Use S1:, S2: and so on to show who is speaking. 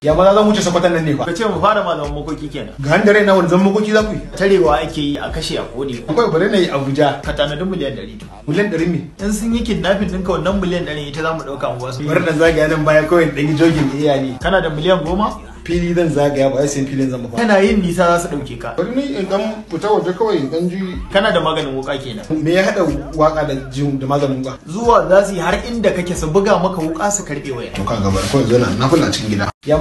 S1: ya ba zan wuce sakwatan nan ne ba kace mu fara malaman makoki kenan ga handa rai na wanzan makoki za ku yi tarewa ake yi a kashe a kodi akwai bari na yi abuja ka tanadi miliyan 100 miliyan 100 ne. in sun yi kidnapping ɗinka wannan miliyan 100 ita za mu ɗauka mu wasu bar na zagaya nan baya kawai dan jogin iya ne kana da miliyan goma? fili zan zagaya ba ai sai filin zan ba kana yin nisa za su dauke ka bari ni in dan fita waje kawai in dan ji kana da maganin wuka kenan me ya hada waka da jin da maganin wuka
S2: zuwa za su yi har inda kake su buga maka wuka su karbe waya to kaga bar ko zo na na cikin gida